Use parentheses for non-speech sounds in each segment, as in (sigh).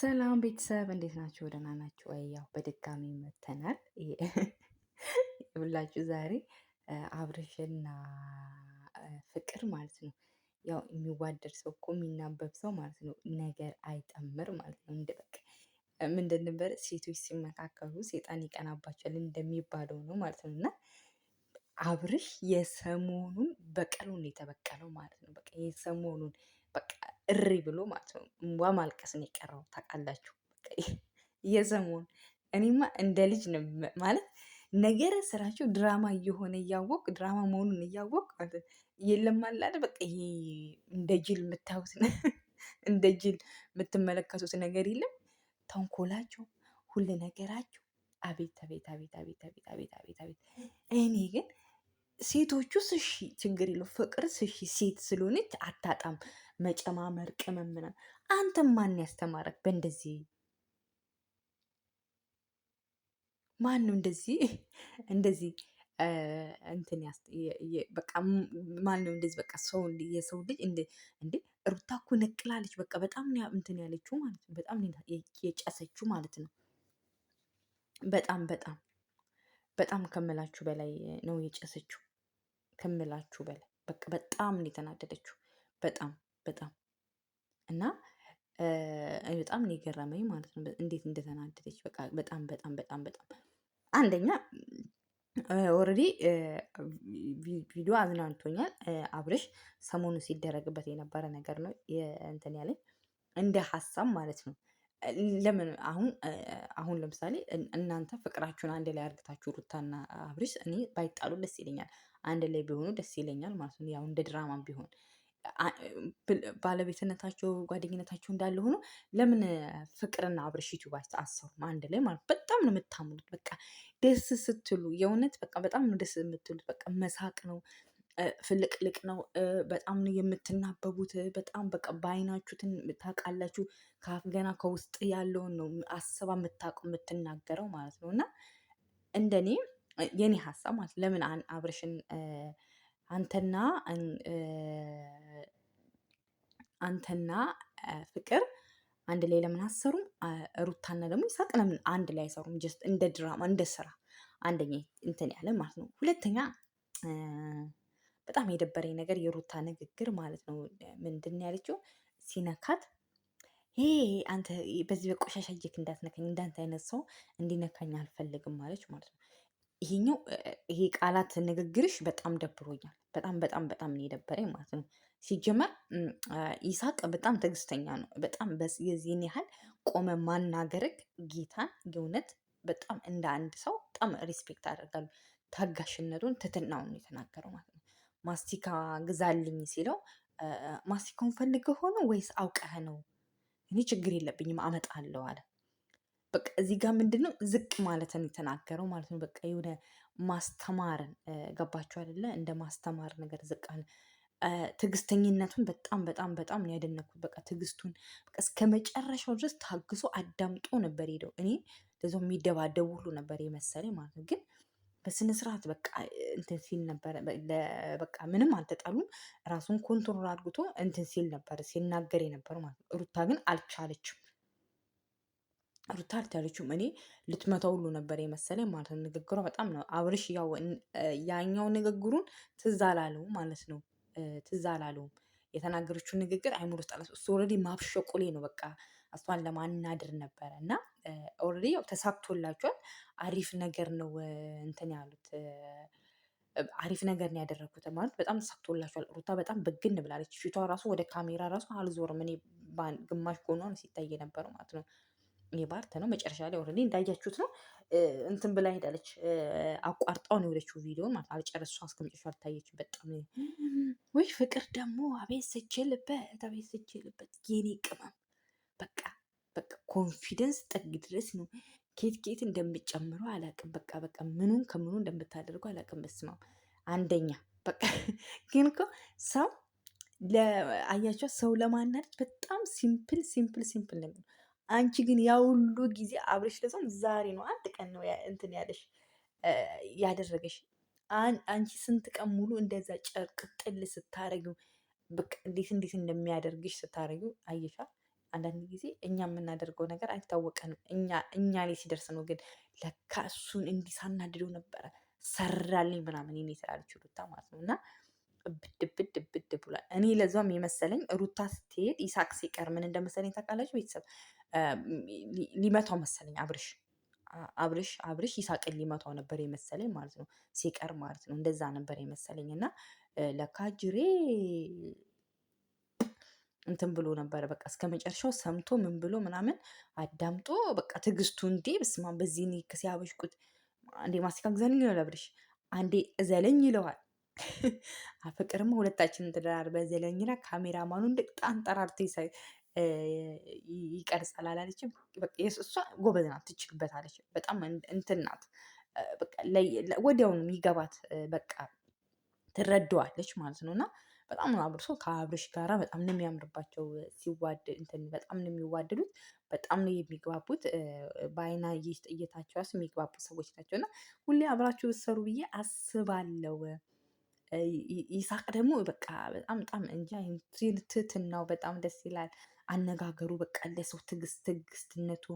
ሰላም ቤተሰብ እንዴት ናችሁ? ደህና ናችሁ ወይ? ያው በድጋሚ መተናል ብላችሁ (laughs) ዛሬ አብርሽና ፍቅር ማለት ነው። ያው የሚዋደድ ሰው እኮ የሚናበብ ሰው ማለት ነው ነገር አይጠምር ማለት ነው። እንደ በቃ ምንድን ነበር ሴቶች ሲመካከሉ ሴጣን ይቀናባቸዋል እንደሚባለው ነው ማለት ነው። እና አብርሽ የሰሞኑን በቀሉን የተበቀለው ማለት ነው። በቃ የሰሞኑን በቃ እሪ ብሎ ማለት ነው። እንባ ማልቀስ ነው የቀረው ታውቃላችሁ። የሰሞን እኔማ እንደ ልጅ ነው ማለት ነገረ ስራቸው ድራማ እየሆነ እያወቅ ድራማ መሆኑን እያወቅ የለም አላለ በቃ ይሄ እንደ ጅል የምታዩት (laughs) እንደ ጅል የምትመለከቱት ነገር የለም። ተንኮላቸው ሁሉ ነገራቸው አቤት አቤት አቤት አቤት አቤት አቤት አቤት አቤት። እኔ ግን ሴቶቹ ስሺ ችግር የለው ፍቅር ስሺ ሴት ስለሆነች አታጣም መጨማመር ቅመም ምናምን። አንተም ማን ያስተማረክ? በእንደዚህ ማን እንደዚህ እንደዚህ እንትን በቃ ማን ነው እንደዚህ በቃ ሰው የሰው ልጅ እንዴ ሩታ እኮ ነቅላለች። በቃ በጣም እንትን ያለችው ማለት ነው። በጣም የጨሰችው ማለት ነው። በጣም በጣም በጣም ከምላችሁ በላይ ነው የጨሰችው። ከምላችሁ በላይ በቃ በጣም ነው የተናደደችው በጣም በጣም እና በጣም ነው የገረመኝ ማለት ነው። እንዴት እንደተናደደች በቃ በጣም በጣም በጣም በጣም አንደኛ ኦልሬዲ ቪዲዮ አዝናንቶኛል። አብርሽ ሰሞኑ ሲደረግበት የነበረ ነገር ነው እንትን ያለኝ እንደ ሀሳብ ማለት ነው። ለምን አሁን አሁን ለምሳሌ እናንተ ፍቅራችሁን አንድ ላይ አርግታችሁ ሩታና አብርሽ እኔ ባይጣሉ ደስ ይለኛል። አንድ ላይ ቢሆኑ ደስ ይለኛል ማለት ነው። ያው እንደ ድራማም ቢሆን ባለቤትነታቸው ጓደኝነታቸው እንዳለ ሆኖ ለምን ፍቅርና አብርሽ ዩቲዩብ አሰሩም አንድ ላይ ማለት በጣም ነው የምታምሩት። በቃ ደስ ስትሉ የእውነት በቃ በጣም ነው ደስ የምትሉት። በቃ መሳቅ ነው ፍልቅልቅ ነው። በጣም ነው የምትናበቡት። በጣም በቃ በአይናችሁትን ታውቃላችሁ። ገና ከውስጥ ያለውን ነው አስባ የምታውቀው የምትናገረው ማለት ነው እና እንደኔ የኔ ሀሳብ ማለት ለምን አብርሽን አንተና አንተና ፍቅር አንድ ላይ ለምን አሰሩም? ሩታና ደግሞ ይሳቅ ለምን አንድ ላይ አይሰሩም? ጀስት እንደ ድራማ እንደ ስራ አንደኛ እንትን ያለ ማለት ነው። ሁለተኛ በጣም የደበረኝ ነገር የሩታ ንግግር ማለት ነው። ምንድን ያለችው ሲነካት ይሄ አንተ በዚህ በቆሻሻ እጅክ እንዳትነካኝ እንዳንተ አይነት ሰው እንዲነካኝ አልፈልግም ማለች ማለት ነው። ይሄኛው ይሄ ቃላት ንግግርሽ በጣም ደብሮኛል። በጣም በጣም በጣም ነው የደበረኝ ማለት ነው። ሲጀመር ይሳቅ በጣም ትዕግስተኛ ነው። በጣም የዚህን ያህል ቆመ ማናገርግ ጌታን የእውነት በጣም እንደ አንድ ሰው በጣም ሪስፔክት አደርጋለሁ። ታጋሽነቱን ትትናውን የተናገረው ማለት ነው። ማስቲካ ግዛልኝ ሲለው ማስቲካውን ፈልገ ሆኖ ወይስ አውቀህ ነው? እኔ ችግር የለብኝም አመጣለሁ አለ። በቃ እዚህ ጋር ምንድን ነው ዝቅ ማለትን የተናገረው ማለት ነው። በቃ የሆነ ማስተማርን ገባችሁ አይደለ? እንደ ማስተማር ነገር ዝቃን ትዕግስተኝነቱን በጣም በጣም በጣም ነው ያደነኩት። በቃ ትዕግስቱን በቃ እስከ መጨረሻው ድረስ ታግሶ አዳምጦ ነበር ሄደው። እኔ ለዛው የሚደባደቡ ሁሉ ነበር የመሰለኝ ማለት ነው። ግን በስነ ስርዓት በቃ እንትን ሲል ነበረ። በቃ ምንም አልተጣሉም። ራሱን ኮንትሮል አድርጎ እንትን ሲል ነበር ሲናገር የነበረው ማለት ነው። ሩታ ግን አልቻለችም። ሩታ አልቻለችም። እኔ ልትመታ ሁሉ ነበር የመሰለኝ ማለት ነው። ንግግሯ በጣም ነው አብርሽ፣ ያው ያኛው ንግግሩን ትዝ አላለው ማለት ነው። ትዝ አላለውም የተናገረችው ንግግር አይምሮ ውስጥ አለ። እሱ ኦልሬዲ ማብሸቁሌ ነው በቃ እሷን ለማናድር ነበረ እና ኦልሬዲ ያው ተሳክቶላቸዋል። አሪፍ ነገር ነው እንትን ያሉት አሪፍ ነገር ነው ያደረግኩት ማለት በጣም ተሳክቶላቸዋል። ሩታ በጣም ብግን ብላለች። ፊቷ ራሱ ወደ ካሜራ ራሱ አልዞርም እኔ ግማሽ ጎኗን ሲታይ የነበረው ማለት ነው። የባርተ ነው መጨረሻ ላይ ኦልሬዲ እንዳያችሁት ነው እንትን ብላ ሄዳለች። አቋርጣውን የወደችው ቪዲዮን ማለት አልጨረሷ እስከመጨረሻ አልታየችም። በጣም ወይ ፍቅር ደግሞ አቤት ስችልበት፣ አቤት ስችልበት የኔ ቅመም በቃ በቃ ኮንፊደንስ ጥግ ድረስ ነው። ኬት ኬት እንደምጨምሩ አላቅም። በቃ በቃ ምኑን ከምኑ እንደምታደርጉ አላቅም። በስማ አንደኛ በቃ (laughs) ግን እኮ ሰው አያቸው ሰው ለማናደድ በጣም ሲምፕል ሲምፕል ሲምፕል ነው። አንቺ ግን ያ ሁሉ ጊዜ አብረሽ ለሰውም ዛሬ ነው አንድ ቀን ነው እንትን ያለሽ ያደረገሽ። አንቺ ስንት ቀን ሙሉ እንደዛ ጨርቅ ጥል ስታረጊው በቃ እንዴት እንዴት እንደሚያደርግሽ ስታረጊው አየሻ። አንዳንድ ጊዜ እኛ የምናደርገው ነገር አይታወቀንም። እኛ ላይ ሲደርስ ነው ግን ለካ እሱን እንዲህ ሳናድደው ነበረ ሰራልኝ ምናምን ኔ ስላለች ሩታ ማለት ነው። እና ብድ ብድ ብድ ብሏል። እኔ ለዛም የመሰለኝ ሩታ ስትሄድ ይሳቅ ሲቀር ምን እንደመሰለኝ ታውቃላችሁ ቤተሰብ ሊመታው መሰለኝ አብርሽ አብርሽ አብርሽ ይሳቅን ሊመታው ነበር የመሰለኝ ማለት ነው ሲቀር ማለት ነው እንደዛ ነበር የመሰለኝ እና ለካ ጅሬ እንትን ብሎ ነበረ በቃ እስከ መጨረሻው ሰምቶ ምን ብሎ ምናምን አዳምጦ በቃ ትዕግስቱ እንዴ ብስማ በዚህ ኒክ ሲያበሽቁት አንዴ ማስቲካ ግዛልኝ ይለዋል አብርሽ አንዴ እዘለኝ ይለዋል (laughs) አፈቅርማ ሁለታችንን ተደራርበ ዘለኝና እንደ ጣን ጠራርቶ ይቀርጻል አላለችም። እሷ ጎበዝ ናት፣ ትችልበታለች። በጣም እንትን ናት፣ ወዲያውኑ የሚገባት በቃ ትረዳዋለች ማለት ነው እና በጣም ነው አብርሶ ከአብርሽ ጋር በጣም ነው የሚያምርባቸው። ሲዋድ እንትን በጣም ነው የሚዋደዱት፣ በጣም ነው የሚግባቡት። በአይና እይታቸው የሚግባቡት ሰዎች ናቸው እና ሁሌ አብራችሁ ብትሰሩ ብዬ አስባለሁ። ይሳቅ ደግሞ በቃ በጣም በጣም እንጃ ትህትናው በጣም ደስ ይላል። አነጋገሩ በቃ ለሰው ትግስት ትግስትነቱ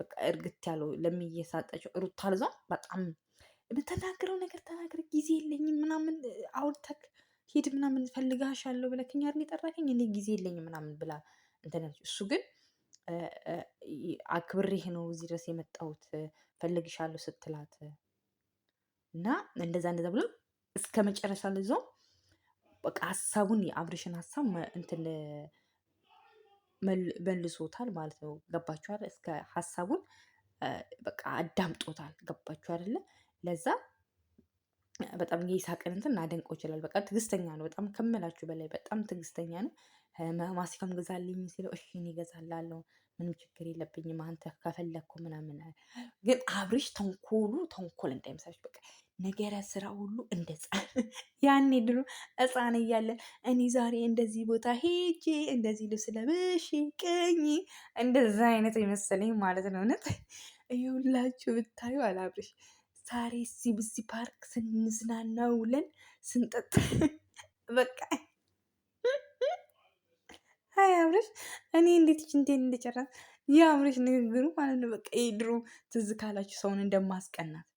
በቃ እርግት ያለው ለሚየሳጠቸው ሩታ ልዛ በጣም የምተናገረው ነገር ተናገር ጊዜ የለኝም ምናምን አውርተክ ሂድ ምናምን ፈልጋሻለሁ ብለከኝ አይደል የጠራከኝ እኔ ጊዜ የለኝም ምናምን ብላ እንትን እሱ ግን አክብሬህ ነው እዚህ ድረስ የመጣሁት ፈልግሻለሁ ስትላት እና እንደዛ እንደዛ ብሎ እስከ መጨረሻ ልዘው በቃ ሀሳቡን የአብርሽን ሀሳብ እንትን መልሶታል ማለት ነው። ገባችሁ እስከ ሀሳቡን በቃ አዳምጦታል። ገባችሁ አይደለ? ለዛ በጣም የይሳቅን እንትን እናደንቀው ይችላል። በቃ ትግስተኛ ነው፣ በጣም ከምላችሁ በላይ በጣም ትግስተኛ ነው። ማስቲካም ግዛልኝ ሲለው እሺ እኔ እገዛላለሁ ምንም ችግር የለብኝም አንተ ከፈለግኩ ምናምን። ግን አብርሽ ተንኮሉ ተንኮል እንዳይመስላችሁ በቃ ነገረ ስራ ሁሉ እንደ (laughs) ያኔ ድሮ ሕፃን እያለን እኔ ዛሬ እንደዚህ ቦታ ሄጄ እንደዚህ ልብስ ለብሽ ቅኝ እንደዛ አይነት የመሰለኝ ማለት ነው። እውነት ይሁላችሁ ብታዩ አላብርሽ ዛሬ ሲብሲ ፓርክ ስንዝናና ውለን ስንጠጥ (laughs) በቃ አይ አብረሽ እኔ እንዴት እንዴት እንደጨረስ የአብረሽ ንግግሩ ማለት ነው። በቃ ድሮ ትዝ ካላችሁ ሰውን እንደማስቀናት